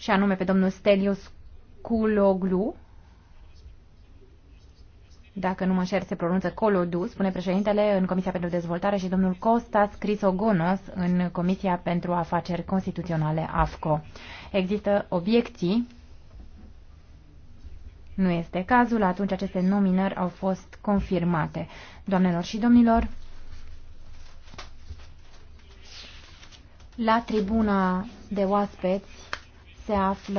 și anume pe domnul Stelios Culoglu, dacă nu mă șer, se pronunță Colodu, spune președintele în Comisia pentru Dezvoltare și domnul Costas Crisogonos în Comisia pentru Afaceri Constituționale AFCO. Există obiecții? Nu este cazul, atunci aceste nominări au fost confirmate. Doamnelor și domnilor, la tribuna de oaspeți se află